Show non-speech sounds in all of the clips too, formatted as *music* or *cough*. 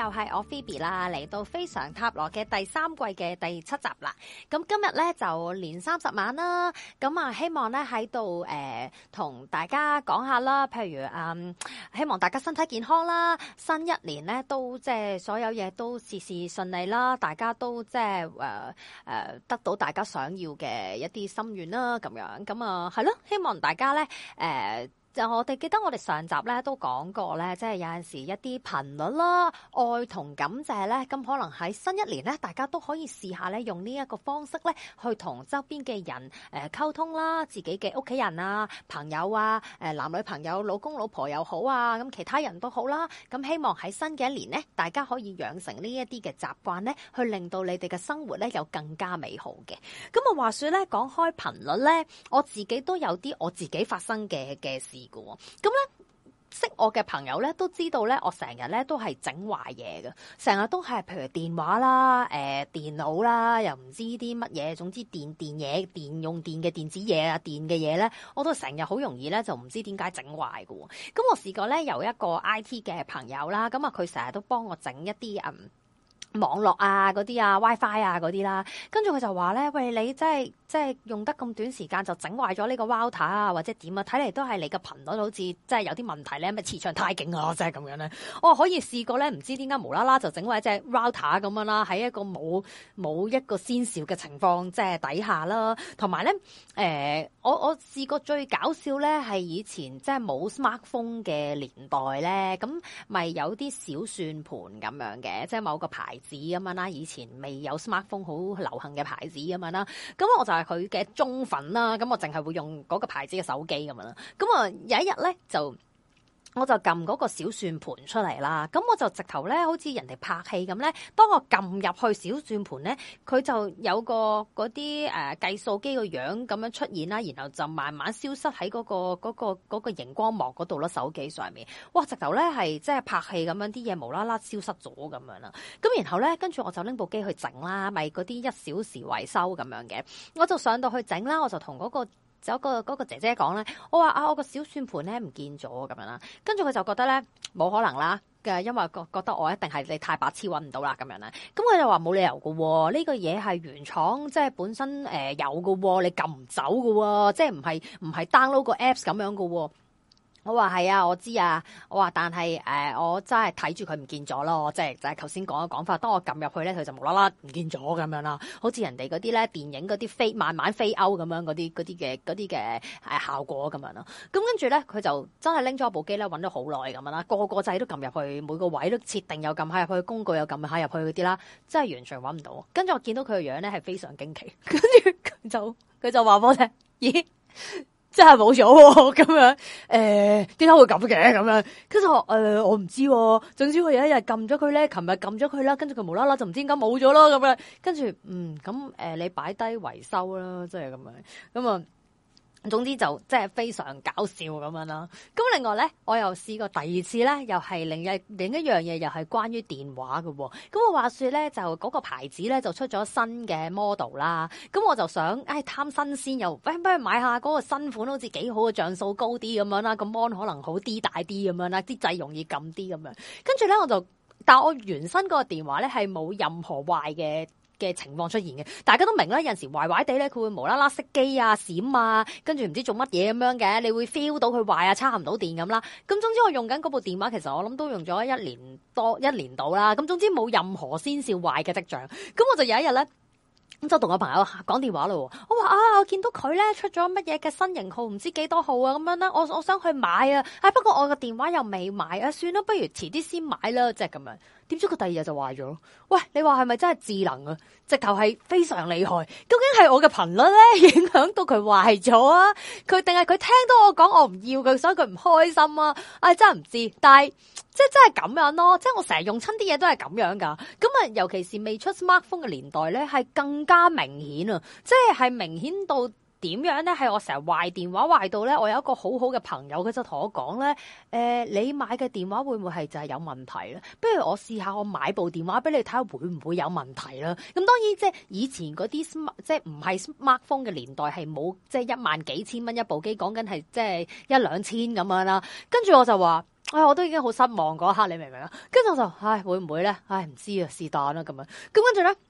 又係我 Phoebe 啦，嚟到非常塔羅嘅第三季嘅第七集啦。咁今日咧就年三十晚啦，咁啊希望咧喺度誒同大家講下啦，譬如誒、嗯、希望大家身體健康啦，新一年咧都即係所有嘢都事事順利啦，大家都即係誒誒得到大家想要嘅一啲心願啦，咁樣咁啊係咯，希望大家咧誒。呃就我哋記得我哋上集咧都講過咧，即係有陣時一啲頻率啦、愛同感謝咧，咁可能喺新一年咧，大家都可以試下咧，用呢一個方式咧，去同周邊嘅人誒溝通啦，自己嘅屋企人啊、朋友啊、誒男女朋友、老公老婆又好啊，咁其他人都好啦。咁希望喺新嘅一年咧，大家可以養成呢一啲嘅習慣咧，去令到你哋嘅生活咧有更加美好嘅。咁啊話說咧，講開頻率咧，我自己都有啲我自己發生嘅嘅事。咁咧、嗯、識我嘅朋友咧都知道咧，我成日咧都係整壞嘢嘅，成日都係譬如電話啦、誒、呃、電腦啦，又唔知啲乜嘢，總之電電嘢、電用電嘅電子嘢啊、電嘅嘢咧，我都成日好容易咧就唔知點解整壞嘅喎。咁、嗯、我試過咧有一個 IT 嘅朋友啦，咁啊佢成日都幫我整一啲嗯。網絡啊嗰啲啊 WiFi 啊嗰啲啦，跟住佢就話咧：喂，你真係真係用得咁短時間就整壞咗呢個 router 啊，或者點啊？睇嚟都係你個頻率好似真係有啲問題咧，咩磁場太勁啊，即係咁樣咧。我、哦、可以試過咧，唔知點解無啦啦就整壞隻 router 咁樣啦，喺一個冇冇一個先兆嘅情況即係底下啦。同埋咧，誒、呃、我我試過最搞笑咧係以前即係冇 smartphone 嘅年代咧，咁咪有啲小算盤咁樣嘅，即係某個牌子咁啊啦，以前未有 smartphone 好流行嘅牌子咁啊啦，咁我就係佢嘅忠粉啦，咁我淨係會用嗰個牌子嘅手機咁啊啦，咁啊有一日咧就。我就撳嗰個小算盤出嚟啦，咁我就直頭咧，好似人哋拍戲咁咧。當我撳入去小算盤咧，佢就有個嗰啲誒計數機個樣咁樣出現啦，然後就慢慢消失喺嗰個嗰個嗰個熒光幕嗰度咯，手機上面。哇！直頭咧係即係拍戲咁樣，啲嘢無啦啦消失咗咁樣啦。咁然後咧，跟住我就拎部機去整啦，咪嗰啲一小時維修咁樣嘅。我就上到去整啦，我就同嗰個。就個嗰個姐姐講咧，我話啊，我個小算盤咧唔見咗咁樣啦，跟住佢就覺得咧冇可能啦嘅，因為覺覺得我一定係你太白痴揾唔到啦咁樣啦，咁佢就話冇理由嘅，呢、這個嘢係原廠即係本身誒、呃、有嘅喎，你撳唔走嘅喎，即係唔係唔係 download 個 apps 咁樣嘅喎。我話係啊，我知啊。我話但係誒、呃，我真係睇住佢唔見咗咯，即係就係頭先講嘅講法。當我撳入去咧，佢就無啦啦唔見咗咁樣啦，好似人哋嗰啲咧電影嗰啲飛慢慢飛歐咁樣嗰啲啲嘅嗰啲嘅效果咁樣啦。咁跟住咧，佢就真係拎咗部機咧，搵咗好耐咁樣啦。個個掣都撳入去，每個位都設定又撳下入去，工具又撳下入去嗰啲啦，真係完全搵唔到。跟住我見到佢個樣咧，係非常驚奇。跟住佢就佢就話我聽，咦？ *laughs* 真係冇咗咁樣，誒，點解會咁嘅咁樣？跟住我，誒，我唔知，總之佢有一日撳咗佢咧，琴日撳咗佢啦，跟住佢無啦啦就唔知點解冇咗咯，咁樣，跟住，嗯，咁，誒，你擺低維修啦，即係咁樣，咁啊。總之就即係非常搞笑咁樣啦。咁另外咧，我又試過第二次咧，又係另一另一樣嘢，又係關於電話嘅。咁我話說咧，就嗰個牌子咧就出咗新嘅 model 啦。咁我就想，唉，貪新鮮又，不如不如買下嗰個新款，好似幾好嘅，像素高啲咁樣啦。個 mon 可能好啲，大啲咁樣啦，啲掣容易撳啲咁樣。跟住咧，我就，但係我原身嗰個電話咧係冇任何壞嘅嘅情況出現嘅，大家都明啦。有陣時壞壞地咧，佢會無啦啦熄機啊、閃啊，跟住唔知做乜嘢咁樣嘅，你會 feel 到佢壞啊、叉唔到電咁啦。咁總之我用緊嗰部電話，其實我諗都用咗一年多、一年到啦。咁總之冇任何先兆壞嘅跡象。咁我就有一日咧，咁就同我朋友講電話咯。我話啊，我見到佢咧出咗乜嘢嘅新型號，唔知幾多號啊，咁樣啦，我我想去買啊。哎，不過我個電話又未買啊，算啦，不如遲啲先買啦，即係咁樣。點知佢第二日就壞咗？喂，你話係咪真係智能啊？直頭係非常厲害，究竟係我嘅頻率咧 *laughs* 影響到佢壞咗啊？佢定係佢聽到我講我唔要佢，所以佢唔開心啊？唉、哎，真係唔知，但係即係真係咁樣咯。即係我成日用親啲嘢，都係咁樣噶。咁啊，尤其是未出 smartphone 嘅年代咧，係更加明顯啊！即係係明顯到。點樣咧？係我成日壞電話壞到咧，我有一個好好嘅朋友，佢就同我講咧：，誒，你買嘅電話會唔會係就係有問題咧？不如我試下我買部電話俾你睇下，會唔會有問題啦？咁當然即係以前嗰啲即係唔係 smartphone 嘅年代，係冇即係一萬幾千蚊一部機，講緊係即係一兩千咁樣啦，啊。跟住我就話：，唉，我都已經好失望嗰一刻，你明唔明啊？跟住我就：，唉，會唔會咧？唉，唔知啊，是但啦咁樣。咁跟住咧。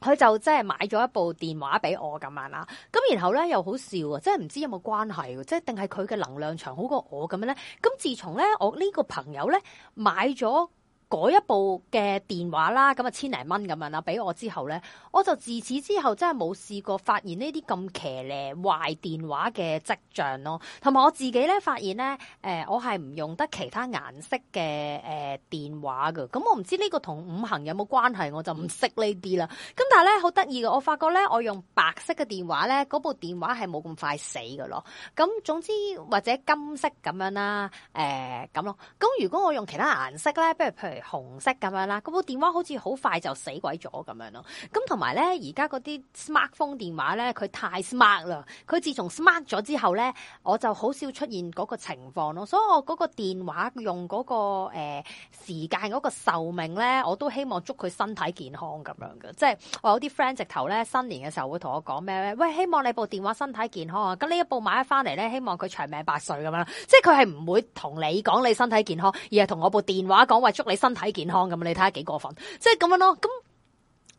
佢就即係買咗一部電話畀我咁樣啦，咁然後咧又好笑啊，即係唔知有冇關係啊，即係定係佢嘅能量場好過我咁樣咧？咁自從咧我呢個朋友咧買咗。嗰一部嘅電話啦，咁啊千零蚊咁樣啦，俾我之後咧，我就自此之後真係冇試過發現呢啲咁騎呢壞電話嘅跡象咯。同埋我自己咧發現咧，誒、呃、我係唔用得其他顏色嘅誒、呃、電話噶。咁、嗯、我唔知呢個同五行有冇關係，我就唔識呢啲啦。咁但係咧好得意嘅，我發覺咧我用白色嘅電話咧，嗰部電話係冇咁快死噶咯。咁總之或者金色咁樣啦、啊，誒、呃、咁咯。咁如果我用其他顏色咧，比如譬如，譬如紅色咁樣啦，部電話好似好快就死鬼咗咁樣咯。咁同埋咧，而家嗰啲 smartphone 電話咧，佢太 smart 啦。佢自從 smart 咗之後咧，我就好少出現嗰個情況咯。所以我嗰個電話用嗰、嗰個誒、呃、時間嗰個壽命咧，我都希望祝佢身體健康咁樣嘅。即係我有啲 friend 直頭咧，新年嘅時候會同我講咩咧？喂，希望你部電話身體健康啊！咁呢一部買翻嚟咧，希望佢長命百歲咁樣。即係佢係唔會同你講你身體健康，而係同我部電話講話祝你身、身體健康咁，啊你睇下幾過分。即係咁樣咯，咁。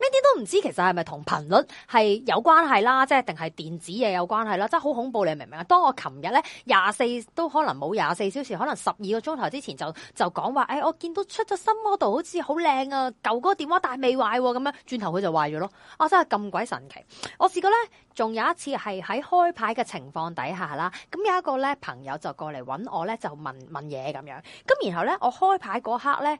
呢啲都唔知，其實係咪同頻率係有關係啦，即係定係電子嘢有關係啦，真係好恐怖，你明唔明啊？當我琴日咧廿四都可能冇廿四小時，可能十二個鐘頭之前就就講話，誒、哎、我見到出咗新 model，好似好靚啊，舊嗰個電話但係未壞喎、啊，咁樣轉頭佢就壞咗咯，啊真係咁鬼神奇！我試過咧，仲有一次係喺開牌嘅情況底下啦，咁有一個咧朋友就過嚟揾我咧，就問問嘢咁樣，咁然後咧我開牌嗰刻咧。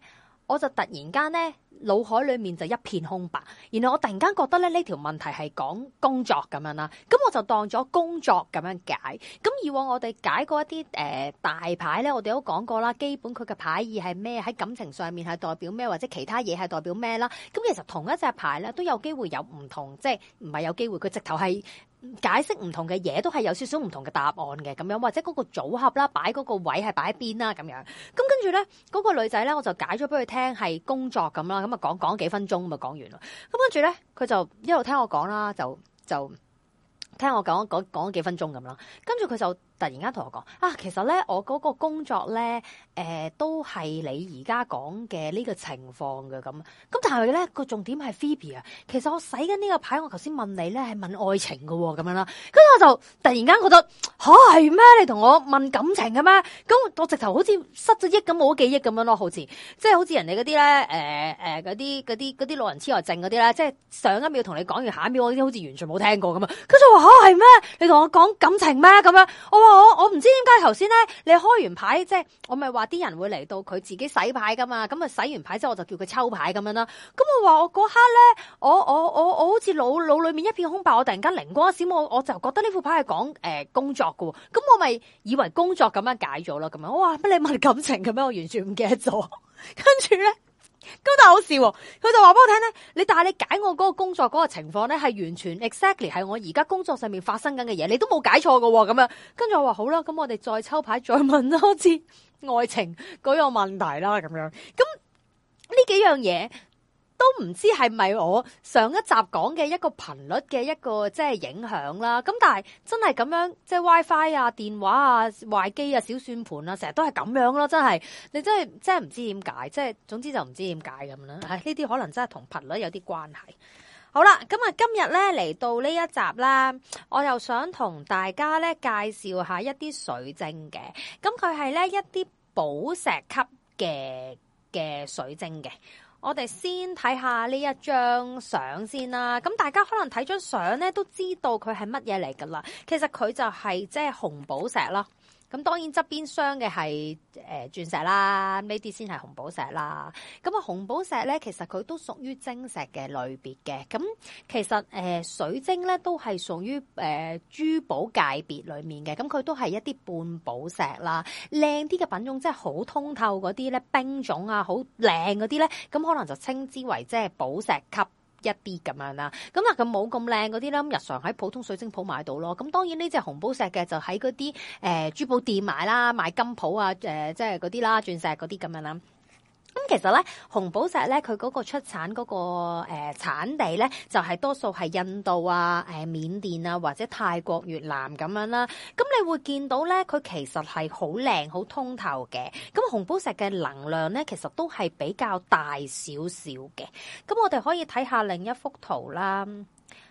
我就突然間咧，腦海裡面就一片空白，然後我突然間覺得咧呢條、這個、問題係講工作咁樣啦，咁我就當咗工作咁樣解。咁以往我哋解過一啲誒、呃、大牌咧，我哋都講過啦，基本佢嘅牌意係咩？喺感情上面係代表咩？或者其他嘢係代表咩啦？咁其實同一隻牌咧都有機會有唔同，即係唔係有機會佢直頭係。解釋唔同嘅嘢都係有少少唔同嘅答案嘅咁樣，或者嗰個組合啦，擺嗰個位係擺喺邊啦咁樣。咁跟住咧，嗰個女仔咧，我就解咗俾佢聽係工作咁啦。咁啊，講講幾分鐘咪講完咯。咁跟住咧，佢就一路聽我講啦，就就聽我講講講幾分鐘咁啦。跟住佢就。突然間同我講啊，其實咧我嗰個工作咧誒、呃、都係你而家講嘅呢個情況嘅咁，咁但係咧個重點係 Phoebe 啊，其實我使緊呢個牌，我頭先問你咧係問愛情嘅咁、哦、樣啦，跟住我就突然間覺得吓係咩？你同我問感情嘅咩？咁我直頭好似失咗憶咁冇記憶咁樣咯，好似即係好似人哋嗰啲咧誒誒嗰啲嗰啲啲老人痴呆、呃、症嗰啲咧，即係上一秒同你講完，下一秒我啲好似完全冇聽過咁啊！跟住我話吓係咩？你同我講感情咩？咁樣我 Oh，我我唔知點解頭先咧，你開完牌即係、就是、我咪話啲人會嚟到佢自己洗牌噶嘛，咁啊洗完牌之後我就叫佢抽牌咁樣啦。咁我話我嗰刻咧，我我我我好似腦腦裏面一片空白，我突然間靈光一閃，我我就覺得呢副牌係講誒工作噶，咁我咪以為工作咁樣解咗咯，咁樣我話乜你問感情咁樣，我完全唔記得咗， *laughs* 跟住咧。咁但係好笑，佢就話俾我聽咧，你但係你解我嗰個工作嗰個情況咧，係完全 exactly 係我而家工作上面發生緊嘅嘢，你都冇解錯噶咁樣。跟住我話好啦，咁我哋再抽牌再問多次愛情嗰個問題啦，咁樣、樣。咁呢幾樣嘢。都唔知係咪我上一集講嘅一個頻率嘅一個即係影響啦，咁但係真係咁樣，即係 WiFi 啊、電話啊、壞機啊、小算盤啊，成日都係咁樣咯，真係你真係真係唔知點解，即係總之就唔知點解咁啦。唉，呢啲可能真係同頻率有啲關係。好啦，咁啊今日咧，嚟到呢一集啦，我又想同大家咧介紹下一啲水晶嘅，咁佢係咧一啲寶石級嘅嘅水晶嘅。我哋先睇下呢一張相先啦，咁大家可能睇張相咧都知道佢係乜嘢嚟㗎喇，其實佢就係即係紅寶石咯。咁當然側邊鑲嘅係誒鑽石啦，呢啲先係紅寶石啦。咁、嗯、啊紅寶石咧，其實佢都屬於晶石嘅類別嘅。咁、嗯、其實誒、呃、水晶咧都係屬於誒、呃、珠寶界別裡面嘅。咁佢都係一啲半寶石啦。靚啲嘅品種即係好通透嗰啲咧，冰種啊，好靚嗰啲咧，咁、嗯、可能就稱之為即係寶石級。一啲咁樣啦，咁嗱佢冇咁靚嗰啲啦，咁日常喺普通水晶鋪買到咯。咁當然呢隻紅寶石嘅就喺嗰啲誒珠寶店買啦，買金鋪啊誒即係嗰啲啦，鑽石嗰啲咁樣啦。咁其實咧，紅寶石咧，佢嗰個出產嗰、嗰個誒、呃、產地咧，就係、係、多數係印度啊、誒、呃、緬甸啊或者泰國、越南咁樣啦。咁你會見到咧，佢其實係好靚、好通透嘅。咁紅寶石嘅能量咧，其實都係比較大少少嘅。咁我哋可以睇下另一幅圖啦。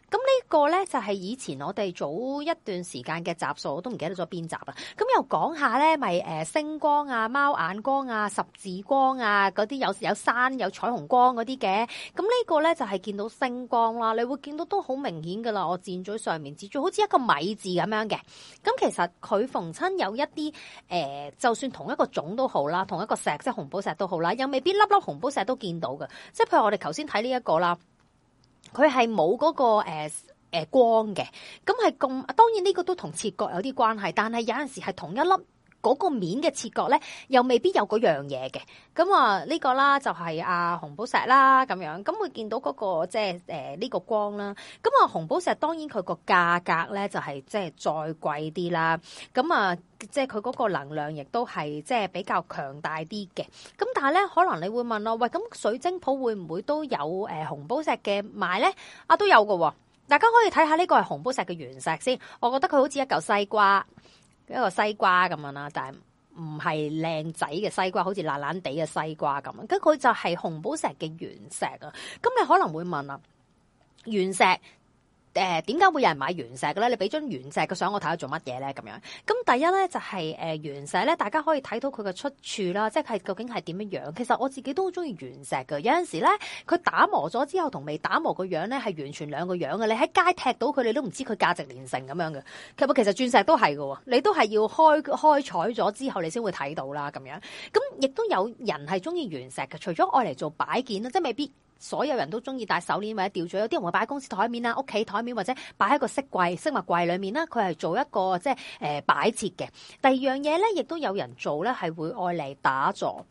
咁呢個咧就係、是、以前我哋早一段時間嘅集數，我都唔記得咗邊集啦。咁又講下咧，咪、就、誒、是、星光啊、貓眼光啊、十字光啊嗰啲，有時有山、有彩虹光嗰啲嘅。咁呢個咧就係、是、見到星光啦，你會見到都好明顯噶啦。我箭嘴上面指住好似一個米字咁樣嘅。咁其實佢逢親有一啲誒、呃，就算同一個種都好啦，同一個石即係紅寶石都好啦，又未必粒粒紅寶石都見到嘅。即係譬如我哋頭先睇呢一個啦。佢係冇嗰個誒誒光嘅，咁係咁當然呢個都同切割有啲關係，但係有陣時，係同一粒。嗰個面嘅切割咧，又未必有嗰樣嘢嘅。咁、這個就是、啊，呢個啦就係啊紅寶石啦咁樣。咁會見到嗰、那個即係誒呢個光啦。咁啊，紅寶石當然佢個價格咧就係即係再貴啲啦。咁啊，即係佢嗰個能量亦都係即係比較強大啲嘅。咁但係咧，可能你會問咯，喂，咁水晶鋪會唔會都有誒、呃、紅寶石嘅賣咧？啊，都有㗎、哦。大家可以睇下呢個係紅寶石嘅原石先。我覺得佢好似一嚿西瓜。一個西瓜咁樣啦，但係唔係靚仔嘅西瓜，好似爛爛地嘅西瓜咁樣，跟住佢就係紅寶石嘅原石啊！咁你可能會問啊，原石。誒點解會有人買原石嘅咧？你俾張原石嘅相我睇，做乜嘢咧？咁樣，咁第一咧就係誒原石咧，大家可以睇到佢嘅出處啦，即係究竟係點樣樣。其實我自己都好中意原石嘅，有陣時咧佢打磨咗之後同未打磨個樣咧係完全兩個樣嘅。你喺街踢到佢，你都唔知佢價值連城咁樣嘅。其實其實鑽石都係嘅喎，你都係要開開採咗之後你先會睇到啦咁樣。咁亦都有人係中意原石嘅，除咗愛嚟做擺件即係未必。所有人都中意戴手鏈或者吊墜，有啲人會擺喺公司台面啦、屋企台面或者擺喺個飾櫃、飾物櫃裡面啦。佢係做一個即係誒擺設嘅。第二樣嘢咧，亦都有人做咧，係會愛嚟打坐。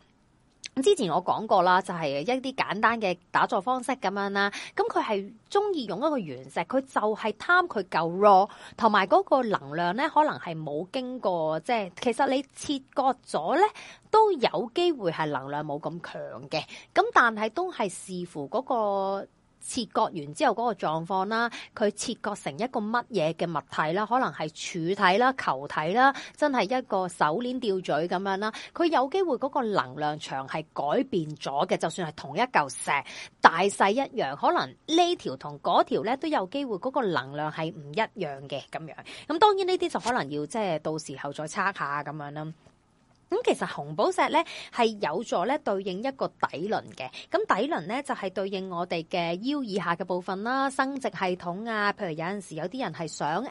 之前我講過啦，就係、是、一啲簡單嘅打坐方式咁樣啦，咁佢係中意用一個原石，佢就係貪佢夠弱，同埋嗰個能量咧，可能係冇經過，即、就、係、是、其實你切割咗咧，都有機會係能量冇咁強嘅，咁但係都係視乎嗰、那個。切割完之後嗰個狀況啦，佢切割成一個乜嘢嘅物體啦？可能係柱體啦、球體啦，真係一個手鏈吊嘴咁樣啦。佢有機會嗰個能量場係改變咗嘅，就算係同一嚿石大細一樣，可能條條呢條同嗰條咧都有機會嗰個能量係唔一樣嘅咁樣。咁當然呢啲就可能要即係到時候再測下咁樣啦。咁其實紅寶石咧係有助咧對應一個底輪嘅，咁底輪咧就係、是、對應我哋嘅腰以下嘅部分啦，生殖系統啊，譬如有陣時有啲人係想誒誒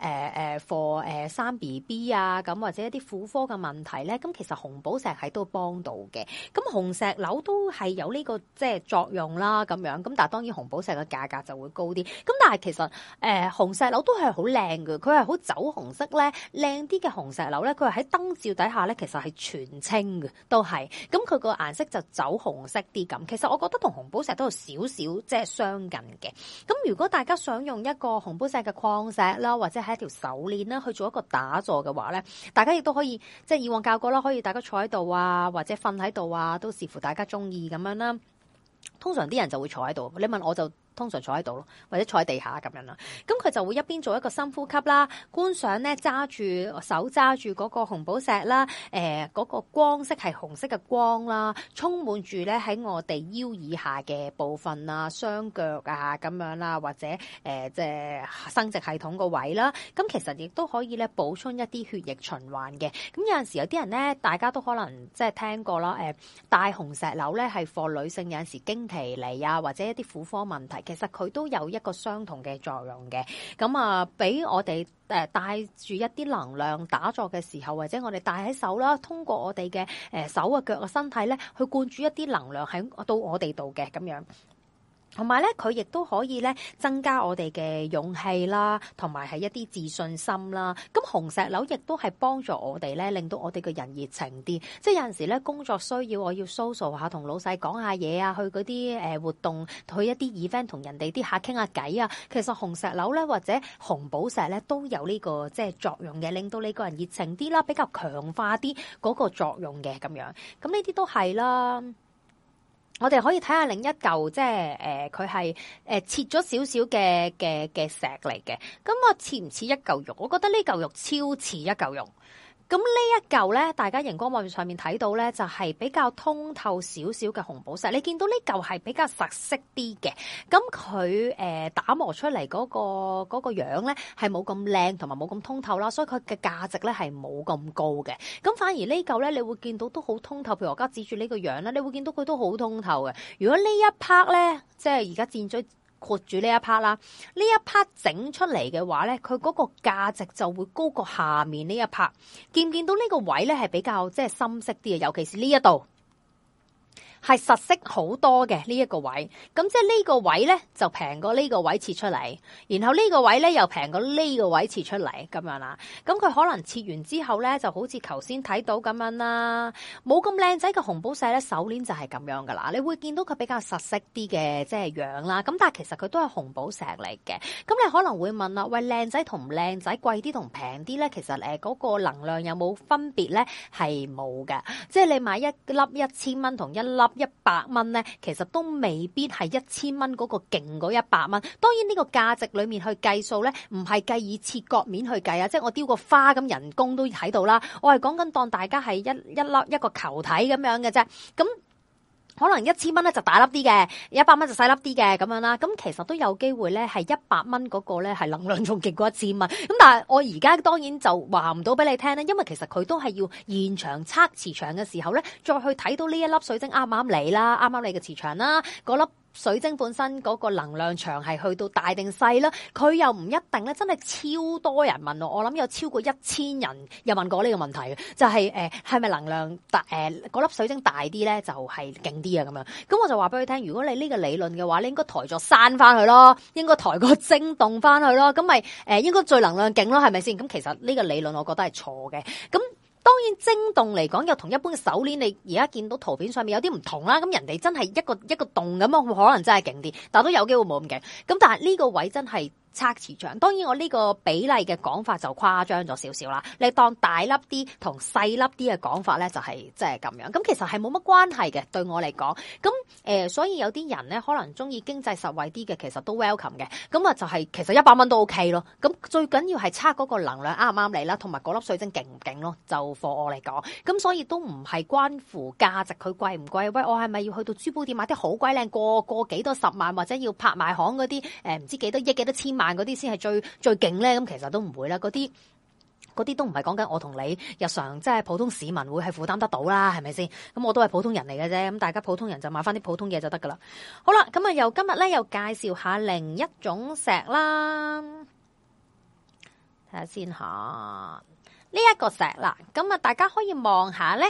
誒 for 誒生 BB 啊，咁或者一啲婦科嘅問題咧，咁其實紅寶石係都幫到嘅。咁紅石樓都係有呢、這個即係作用啦，咁樣咁但係當然紅寶石嘅價格就會高啲。咁但係其實誒、呃、紅石樓都係好靚嘅，佢係好酒紅色咧，靚啲嘅紅石樓咧，佢係喺燈照底下咧。其實係全青嘅，都係咁，佢個顏色就走紅色啲咁。其實我覺得同紅寶石都有少少即係相近嘅。咁如果大家想用一個紅寶石嘅礦石啦，或者係一條手鏈啦去做一個打坐嘅話咧，大家亦都可以即係、就是、以往教過啦，可以大家坐喺度啊，或者瞓喺度啊，都視乎大家中意咁樣啦。通常啲人就會坐喺度，你問我就。通常坐喺度咯，或者坐喺地下咁樣啦。咁佢就會一邊做一個深呼吸啦，觀想咧揸住手揸住嗰個紅寶石啦，誒、呃、嗰、那個光色係紅色嘅光啦，充滿住咧喺我哋腰以下嘅部分啊、雙腳啊咁樣啦，或者誒即係生殖系統個位啦。咁其實亦都可以咧補充一啲血液循環嘅。咁有陣時有啲人咧，大家都可能即係聽過啦，誒、呃、大紅石榴咧係助女性有陣時經期嚟啊，或者一啲婦科問題。其實佢都有一個相同嘅作用嘅，咁啊，俾我哋誒帶住一啲能量打坐嘅時候，或者我哋戴喺手啦，通過我哋嘅誒手啊腳啊身體咧，去灌注一啲能量喺到我哋度嘅咁樣。同埋咧，佢亦都可以咧增加我哋嘅勇氣啦，同埋係一啲自信心啦。咁、嗯、紅石榴亦都係幫助我哋咧，令到我哋個人熱情啲。即係有陣時咧，工作需要我要 search 下同老細講下嘢啊，去嗰啲誒活動，去一啲 event 同人哋啲客傾下偈啊。其實紅石榴咧或者紅寶石咧都有呢、呢個即係作用嘅，令到你個人熱情啲啦，比較強化啲嗰個作用嘅咁樣。咁呢啲都係啦。我哋可以睇下另一嚿，即係誒，佢係誒切咗少少嘅嘅嘅石嚟嘅，咁似唔似一嚿肉？我覺得呢嚿肉超似一嚿肉。咁呢一嚿咧，大家熒光幕上面睇到咧，就係比較通透少少嘅紅寶石。你見到呢嚿係比較實色啲嘅，咁佢誒打磨出嚟嗰個嗰個樣咧，係冇咁靚同埋冇咁通透啦，所以佢嘅價值咧係冇咁高嘅。咁反而呢嚿咧，你會見到都好通透。譬如我而家指住呢個樣咧，你會見到佢都好通透嘅。如果呢一 part 咧，即係而家佔咗。括住呢一 part 啦，呢一 part 整出嚟嘅話咧，佢嗰個價值就會高過下面呢一 part。見唔見到呢個位咧係比較即係深色啲啊？尤其是呢一度。係實色好多嘅呢一個位，咁即係呢個位咧就平過呢個位切出嚟，然後呢個位咧又平過呢個位切出嚟咁樣啦。咁佢可能切完之後咧，就好似頭先睇到咁樣啦，冇咁靚仔嘅紅寶石咧，手鏈就係咁樣噶啦。你會見到佢比較實色啲嘅即係樣啦。咁但係其實佢都係紅寶石嚟嘅。咁你可能會問啦，喂，靚仔同唔靚仔貴啲同平啲咧，其實誒嗰個能量有冇分別咧？係冇嘅，即係你買一粒一千蚊同一粒。一百蚊咧，其實都未必係一千蚊嗰個勁嗰一百蚊。當然呢個價值裏面去計數咧，唔係計以切割面去計啊，即係我丟個花咁人工都喺度啦。我係講緊當大家係一一粒一個球體咁樣嘅啫。咁可能一千蚊咧就大粒啲嘅，一百蚊就細粒啲嘅咁樣啦。咁其實都有機會咧，係一百蚊嗰個咧係能量仲勁過一千蚊。咁但係我而家當然就話唔到俾你聽啦，因為其實佢都係要現場測磁場嘅時候咧，再去睇到呢一粒水晶啱唔啱你啦，啱啱你嘅磁場啦，嗰粒。水晶本身嗰個能量場係去到大定細啦，佢又唔一定咧，真係超多人問我，我諗有超過一千人又問過呢個問題嘅，就係誒係咪能量大，誒嗰粒水晶大啲咧就係勁啲啊咁樣，咁我就話俾佢聽，如果你呢個理論嘅話，你應該抬咗山翻去咯，應該抬個晶洞翻去咯，咁咪誒應該最能量勁咯，係咪先？咁其實呢個理論我覺得係錯嘅，咁。當然，晶洞嚟講又同一般嘅手鏈，你而家見到圖片上面有啲唔同啦。咁人哋真係一個一個洞咁，可能真係勁啲，但係都有機會冇咁勁。咁但係呢個位真係。測磁場，當然我呢個比例嘅講法就誇張咗少少啦，你當大粒啲同細粒啲嘅講法咧就係即係咁樣，咁其實係冇乜關係嘅對我嚟講，咁誒所以有啲人咧可能中意經濟實惠啲嘅，其實都 welcome 嘅，咁啊就係其實一百蚊都 OK 咯，咁最緊要係測嗰個能量啱唔啱你啦，同埋嗰粒水晶勁唔勁咯，就貨我嚟講，咁所以都唔係關乎價值佢貴唔貴，喂，我係咪要去到珠寶店買啲好鬼靚個個幾多十萬或者要拍賣行嗰啲誒唔知幾多億幾多千萬？但嗰啲先係最最勁咧，咁其實都唔會啦，嗰啲嗰啲都唔係講緊我同你日常即係普通市民會係負擔得到啦，係咪先？咁我都係普通人嚟嘅啫，咁大家普通人就買翻啲普通嘢就得噶啦。好啦，咁啊，由今日咧又介紹下另一種石啦，睇下先吓呢一個石啦，咁啊大家可以望下咧。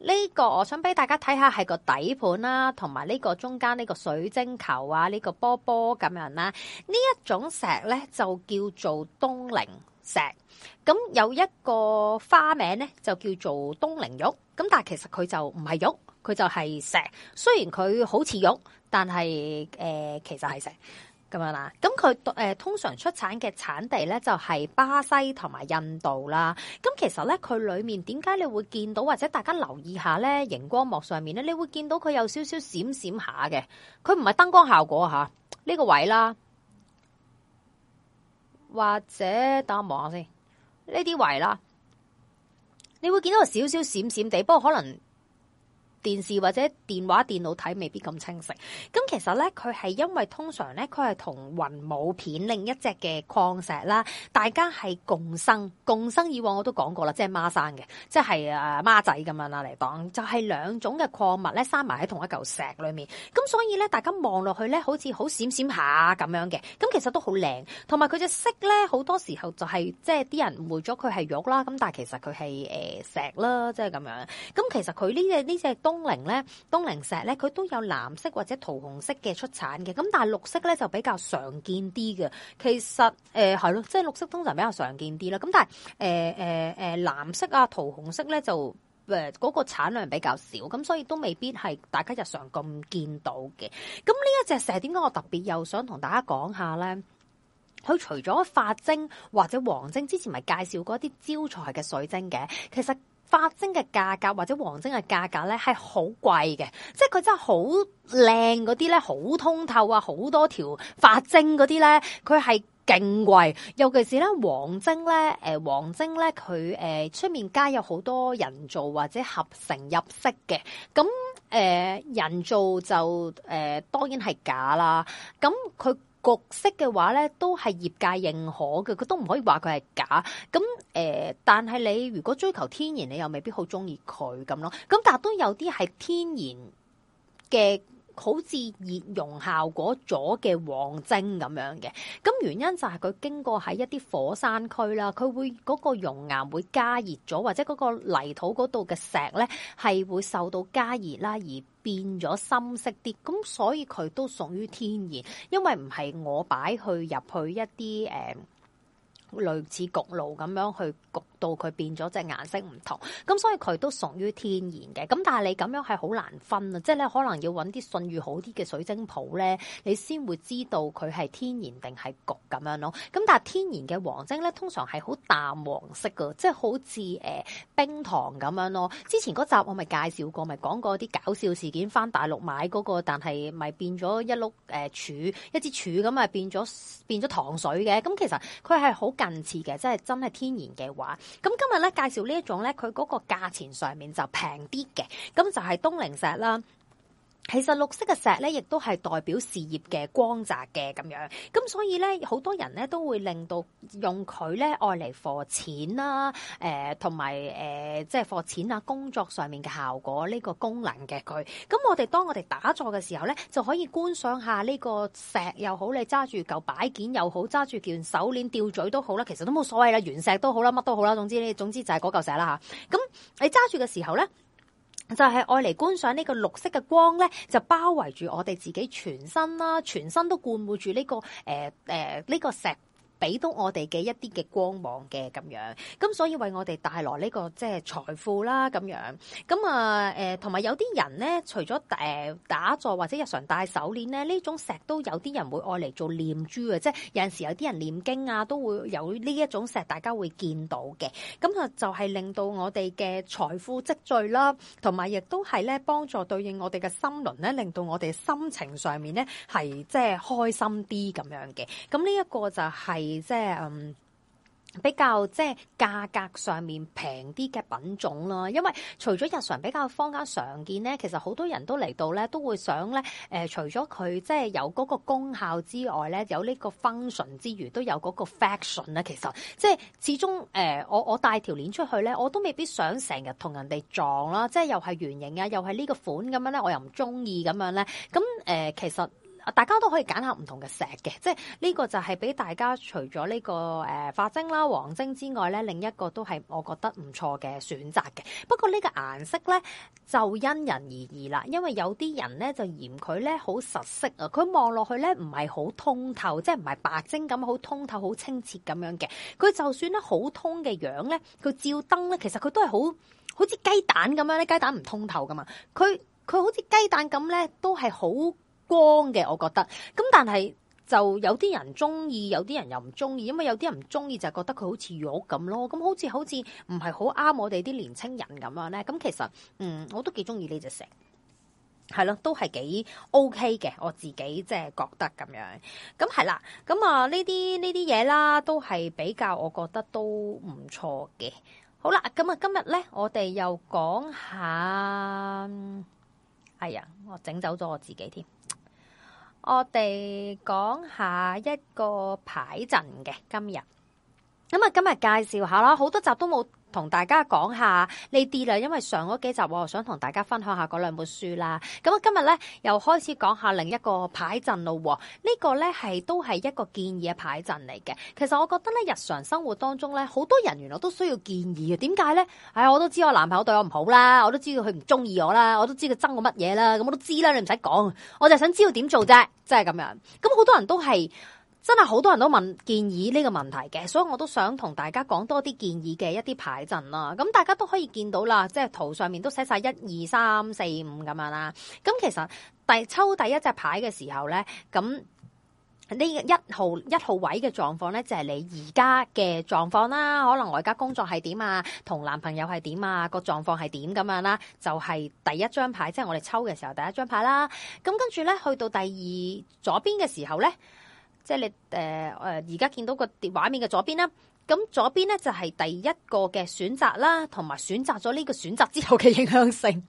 呢個我想俾大家睇下係個底盤啦，啊，同埋呢個中間呢個水晶球啊，呢、這個波波咁樣啦，啊，呢一種石呢，就叫做東菱石，咁有一個花名呢，就叫做東菱玉，咁但係其實佢就唔係玉，佢就係石。雖然佢好似玉，但係誒、呃、其實係石。咁樣啦，咁佢誒通常出產嘅產地咧就係巴西同埋印度啦。咁其實咧佢裏面點解你會見到，或者大家留意下咧熒光幕上面咧，你會見到佢有少少閃閃下嘅，佢唔係燈光效果吓，呢個位啦，或者等我望下先呢啲位啦，你會見到有少少閃閃地，不過可能。電視或者電話電腦睇未必咁清晰，咁其實咧佢係因為通常咧佢係同雲母片另一隻嘅礦石啦，大家係共生共生。共生以往我都講過啦，即係孖生嘅，即係誒孖仔咁樣啦嚟講，就係、是、兩種嘅礦物咧，生埋喺同一嚿石裏面。咁所以咧，大家望落去咧，好似好閃閃下咁樣嘅，咁其實都好靚。同埋佢隻色咧，好多時候就係、是、即係啲人誤會咗佢係玉啦，咁但係其實佢係誒石啦，即係咁樣。咁其實佢呢隻呢隻東菱咧，東菱石咧，佢都有藍色或者桃紅色嘅出產嘅，咁但係綠色咧就比較常見啲嘅。其實誒係咯，即、呃、係、就是、綠色通常比較常見啲啦。咁但係誒誒誒藍色啊桃紅色咧就誒嗰、呃那個產量比較少，咁所以都未必係大家日常咁見到嘅。咁呢一隻石點解我特別又想同大家講下咧？佢除咗髮晶或者黃晶，之前咪介紹過一啲招財嘅水晶嘅，其實。髮晶嘅價格或者黃晶嘅價格咧，係好貴嘅，即係佢真係好靚嗰啲咧，好通透啊，好多條髮晶嗰啲咧，佢係勁貴，尤其是咧黃晶咧，誒黃晶咧佢誒出面街有好多人造或者合成入色嘅，咁誒、呃、人造就誒、呃、當然係假啦，咁佢。形式嘅話咧，都係業界認可嘅，佢都唔可以話佢係假。咁誒、呃。但係你如果追求天然，你又未必好中意佢咁咯。咁但係都有啲係天然嘅。好似熱溶效果咗嘅黃晶咁樣嘅，咁原因就係佢經過喺一啲火山區啦，佢會嗰個熔岩會加熱咗，或者嗰個泥土嗰度嘅石咧係會受到加熱啦而變咗深色啲，咁所以佢都屬於天然，因為唔係我擺去入去一啲誒類似焗爐咁樣去焗。到佢變咗隻顏色唔同，咁所以佢都屬於天然嘅。咁但係你咁樣係好難分啊！即係咧，可能要揾啲信譽好啲嘅水晶鋪咧，你先會知道佢係天然定係焗咁樣咯。咁但係天然嘅黃晶咧，通常係好淡黃色噶，即係好似誒、呃、冰糖咁樣咯。之前嗰集我咪介紹過，咪講過啲搞笑事件，返大陸買嗰、那個，但係咪變咗一碌誒、呃、柱，一支柱咁啊變咗變咗糖水嘅。咁其實佢係好近似嘅，即係真係天然嘅話。咁今日咧介紹呢一種咧，佢嗰個價錢上面就平啲嘅，咁就係東菱石啦。其實綠色嘅石咧，亦都係代表事業嘅光澤嘅咁樣，咁所以咧，好多人咧都會令到用佢咧，愛嚟貨錢啦、啊，誒同埋誒即係貨錢啊，工作上面嘅效果呢、呢個功能嘅佢。咁我哋當我哋打坐嘅時候咧，就可以觀賞下呢個石又好，你揸住嚿擺件又好，揸住件手鏈吊嘴都好啦，其實都冇所謂啦，原石好都好啦，乜都好啦，總之呢，總之就係嗰嚿石啦吓，咁你揸住嘅時候咧。就係愛嚟觀賞呢個綠色嘅光咧，就包圍住我哋自己全身啦、啊，全身都灌滿住呢、這個誒誒呢個石。俾到我哋嘅一啲嘅光芒嘅咁樣，咁所以為我哋帶來呢個即係財富啦咁樣，咁啊誒同埋有啲人咧，除咗誒打坐或者日常戴手鏈咧，呢種石都有啲人會愛嚟做念珠嘅，即係有陣時有啲人念經啊都會有呢一種石，大家會見到嘅。咁啊就係令到我哋嘅財富積聚啦，同埋亦都係咧幫助對應我哋嘅心輪咧，令到我哋心情上面咧係即係開心啲咁樣嘅。咁呢一個就係。即係嗯，比較即係價格上面平啲嘅品種咯，因為除咗日常比較坊間常見咧，其實好多人都嚟到咧都會想咧，誒、呃、除咗佢即係有嗰個功效之外咧，有個呢個 function 之餘，都有嗰個 fashion 啊，其實即係始終誒、呃，我我帶條鏈出去咧，我都未必想成日同人哋撞啦，即係又係圓形啊，又係呢個款咁樣咧，我又唔中意咁樣咧，咁誒、呃，其實。大家都可以揀下唔同嘅石嘅，即係呢個就係俾大家除咗呢個誒髮晶啦、黃晶之外咧，另一個都係我覺得唔錯嘅選擇嘅。不過呢個顏色咧就因人而異啦，因為有啲人咧就嫌佢咧好實色啊，佢望落去咧唔係好通透，即係唔係白晶咁好通透、好清澈咁樣嘅。佢就算咧好通嘅樣咧，佢照燈咧，其實佢都係好好似雞蛋咁樣咧，雞蛋唔通透噶嘛，佢佢好似雞蛋咁咧，都係好光嘅，我覺得咁，但係就有啲人中意，有啲人又唔中意，因為有啲人唔中意就係覺得佢好似弱咁咯。咁好似好似唔係好啱我哋啲年青人咁樣咧。咁其實嗯，我都幾中意呢隻色係咯，都係幾 O K 嘅。我自己即係覺得咁樣咁係啦。咁啊，呢啲呢啲嘢啦，都係比較我覺得都唔錯嘅。好啦，咁啊，今日咧我哋又講下，哎呀，我整走咗我自己添。我哋講下一個牌陣嘅今日咁啊，今日今介紹下啦，好多集都冇。同大家講下呢啲啦，因為上嗰幾集，我想同大家分享下嗰兩本書啦。咁啊，今日咧又開始講下另一個牌陣咯。呢個咧係都係一個建議嘅牌陣嚟嘅。其實我覺得咧，日常生活當中咧，好多人原來都需要建議嘅。點解咧？唉、哎，我都知我男朋友對我唔好啦，我都知道佢唔中意我啦，我都知佢憎我乜嘢啦，咁我都知啦，你唔使講，我就想知道點做啫，即係咁樣。咁好多人都係。真係好多人都問建議呢個問題嘅，所以我都想同大家講多啲建議嘅一啲牌陣啦。咁、嗯、大家都可以見到啦，即係圖上面都寫晒一二三四五咁樣啦。咁、嗯、其實第抽第一隻牌嘅時候咧，咁、嗯、呢一號一號位嘅狀況呢，就係、是、你而家嘅狀況啦。可能我而家工作係點啊，同男朋友係點啊，個狀況係點咁樣啦。就係、是、第一張牌，即、就、係、是、我哋抽嘅時候第一張牌啦。咁、嗯、跟住呢，去到第二左邊嘅時候呢。即係你誒誒，而家見到個畫面嘅左邊啦，咁左邊咧就係第一個嘅選擇啦，同埋選擇咗呢個選擇之後嘅影響性。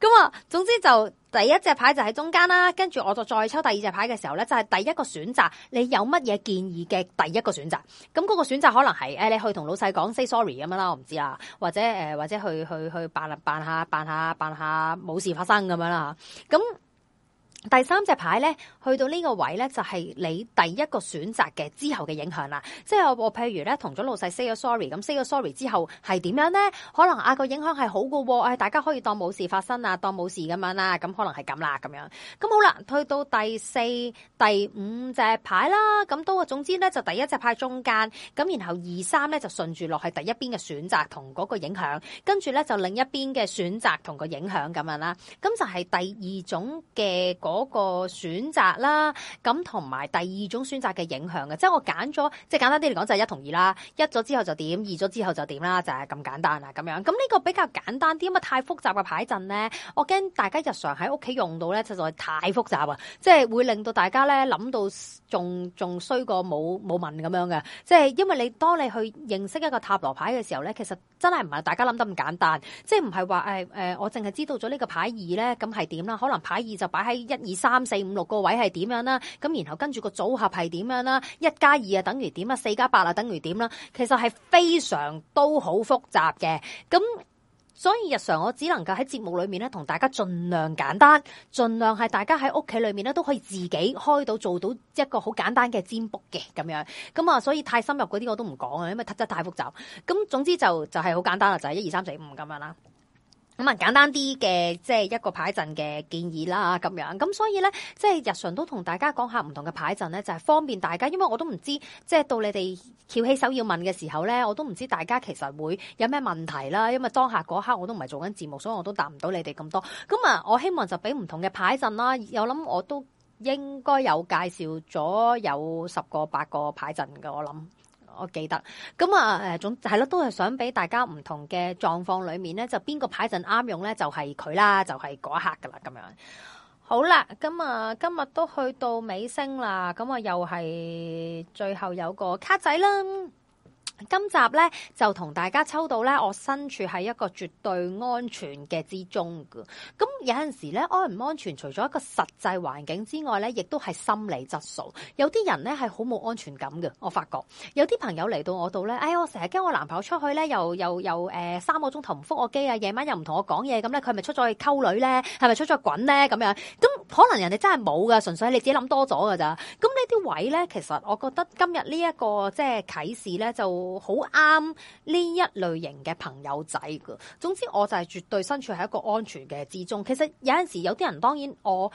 咁 *laughs* 啊、嗯，總之就第一隻牌就喺中間啦，跟住我就再抽第二隻牌嘅時候咧，就係、是、第一個選擇，你有乜嘢建議嘅第一個選擇？咁嗰個選擇可能係誒，你去同老細講 say sorry 咁樣啦，我唔知啊，或者誒、呃，或者去去去扮扮下扮下扮下冇事發生咁樣啦咁。嗯第三隻牌咧，去到呢個位咧，就係、是、你第一個選擇嘅之後嘅影響啦。即係我譬如咧，同咗老細 say 咗 sorry，咁 say 咗 sorry 之後係點樣咧？可能啊、那個影響係好嘅喎、啊，大家可以當冇事發生啊，當冇事咁樣、啊、樣啦，咁可能係咁啦咁樣。咁好啦，去到第四、第五隻牌啦，咁都總之咧就第一隻牌中間，咁然後二三咧就順住落去第一邊嘅選擇同嗰個影響，跟住咧就另一邊嘅選擇同個影響咁樣啦、啊。咁就係第二種嘅、那個嗰個選擇啦，咁同埋第二種選擇嘅影響嘅，即係我揀咗，即係簡單啲嚟講就係一同二啦，一咗之後就點，二咗之後就點啦，就係咁簡單啦，咁樣。咁呢個比較簡單啲，咁啊太複雜嘅牌陣咧，我驚大家日常喺屋企用到咧，實在太複雜啊！即係會令到大家咧諗到仲仲衰過冇冇問咁樣嘅，即係因為你當你去認識一個塔羅牌嘅時候咧，其實真係唔係大家諗得咁簡單，即係唔係話誒誒，我淨係知道咗呢個牌二咧，咁係點啦？可能牌二就擺喺一。二三四五六個位係點樣啦？咁然後跟住個組合係點樣啦？一加二啊等於點啦？四加八啊等於點啦？其實係非常都好複雜嘅。咁所以日常我只能夠喺節目裏面咧，同大家儘量簡單，儘量係大家喺屋企裏面咧都可以自己開到做到一個好簡單嘅占卜嘅咁樣。咁啊，所以太深入嗰啲我都唔講啊，因為太真太複雜。咁總之就就係好簡單啦，就係一二三四五咁樣啦。咁啊，簡單啲嘅即係一個牌陣嘅建議啦，咁樣咁所以呢，即係日常都同大家講下唔同嘅牌陣呢，就係方便大家，因為我都唔知即係到你哋翹起手要問嘅時候呢，我都唔知大家其實會有咩問題啦，因為當下嗰刻我都唔係做緊節目，所以我都答唔到你哋咁多。咁啊，我希望就俾唔同嘅牌陣啦，我諗我都應該有介紹咗有十個八個牌陣嘅，我諗。我記得咁啊，誒、嗯，總係咯，都係想俾大家唔同嘅狀況裏面咧，就邊個牌陣啱用咧，就係、是、佢啦，就係、是、嗰一刻噶啦，咁樣好啦。咁、嗯、啊，今日都去到尾聲啦，咁、嗯、啊，又係最後有個卡仔啦。今集咧就同大家抽到咧，我身處喺一個絕對安全嘅之中噶。咁有陣時咧，安唔安全除咗一個實際環境之外咧，亦都係心理質素。有啲人咧係好冇安全感嘅，我發覺有啲朋友嚟到我度咧，哎呀，我成日驚我男朋友出去咧，又又又誒、呃、三個鐘頭唔覆我機啊，夜晚又唔同我講嘢，咁咧佢咪出咗去溝女咧，係咪出咗去滾咧咁樣？咁可能人哋真係冇噶，純粹你自己諗多咗噶咋。咁呢啲位咧，其實我覺得今日呢一個即係啟示咧就。好啱呢一類型嘅朋友仔噶，總之我就係絕對身處喺一個安全嘅之中。其實有陣時，有啲人當然我誒。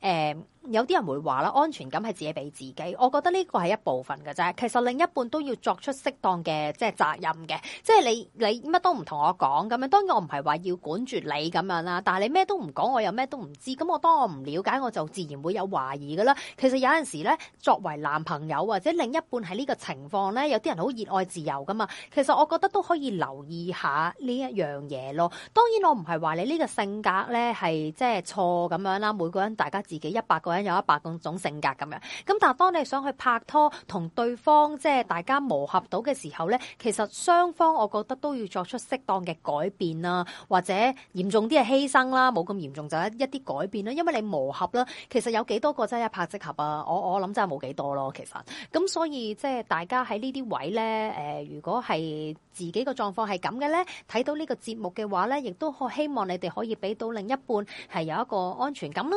欸有啲人會話啦，安全感係自己俾自己，我覺得呢個係一部分嘅啫。其實另一半都要作出適當嘅即係責任嘅，即係你你乜都唔同我講咁樣，當然我唔係話要管住你咁樣啦。但係你咩都唔講，我又咩都唔知，咁我當我唔了解，我就自然會有懷疑嘅啦。其實有陣時咧，作為男朋友或者另一半喺呢個情況咧，有啲人好熱愛自由噶嘛。其實我覺得都可以留意下呢一樣嘢咯。當然我唔係話你呢個性格咧係即係錯咁樣啦。每個人大家自己一百個。或者有一百個種，種性格咁樣，咁但係當你想去拍拖同對方，即係大家磨合到嘅時候咧，其實雙方我覺得都要作出適當嘅改變啦，或者嚴重啲嘅犧牲啦，冇咁嚴重就一一啲改變啦，因為你磨合啦，其實有幾多個真係一拍即合啊？我我諗真係冇幾多咯，其實，咁所以即係大家喺呢啲位咧，誒、呃，如果係自己狀況個狀況係咁嘅咧，睇到呢個節目嘅話咧，亦都好希望你哋可以俾到另一半係有一個安全感啦。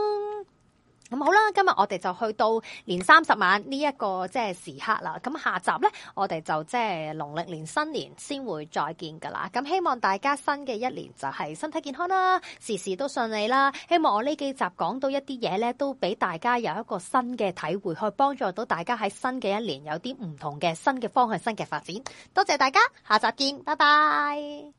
咁好啦，今日我哋就去到年三十晚呢一個即係時刻啦。咁下集呢，我哋就即係農曆年新年先會再見噶啦。咁希望大家新嘅一年就係身體健康啦，時時都順利啦。希望我呢幾集講到一啲嘢呢，都俾大家有一個新嘅體會，去幫助到大家喺新嘅一年有啲唔同嘅新嘅方向、新嘅發展。多謝大家，下集見，拜拜。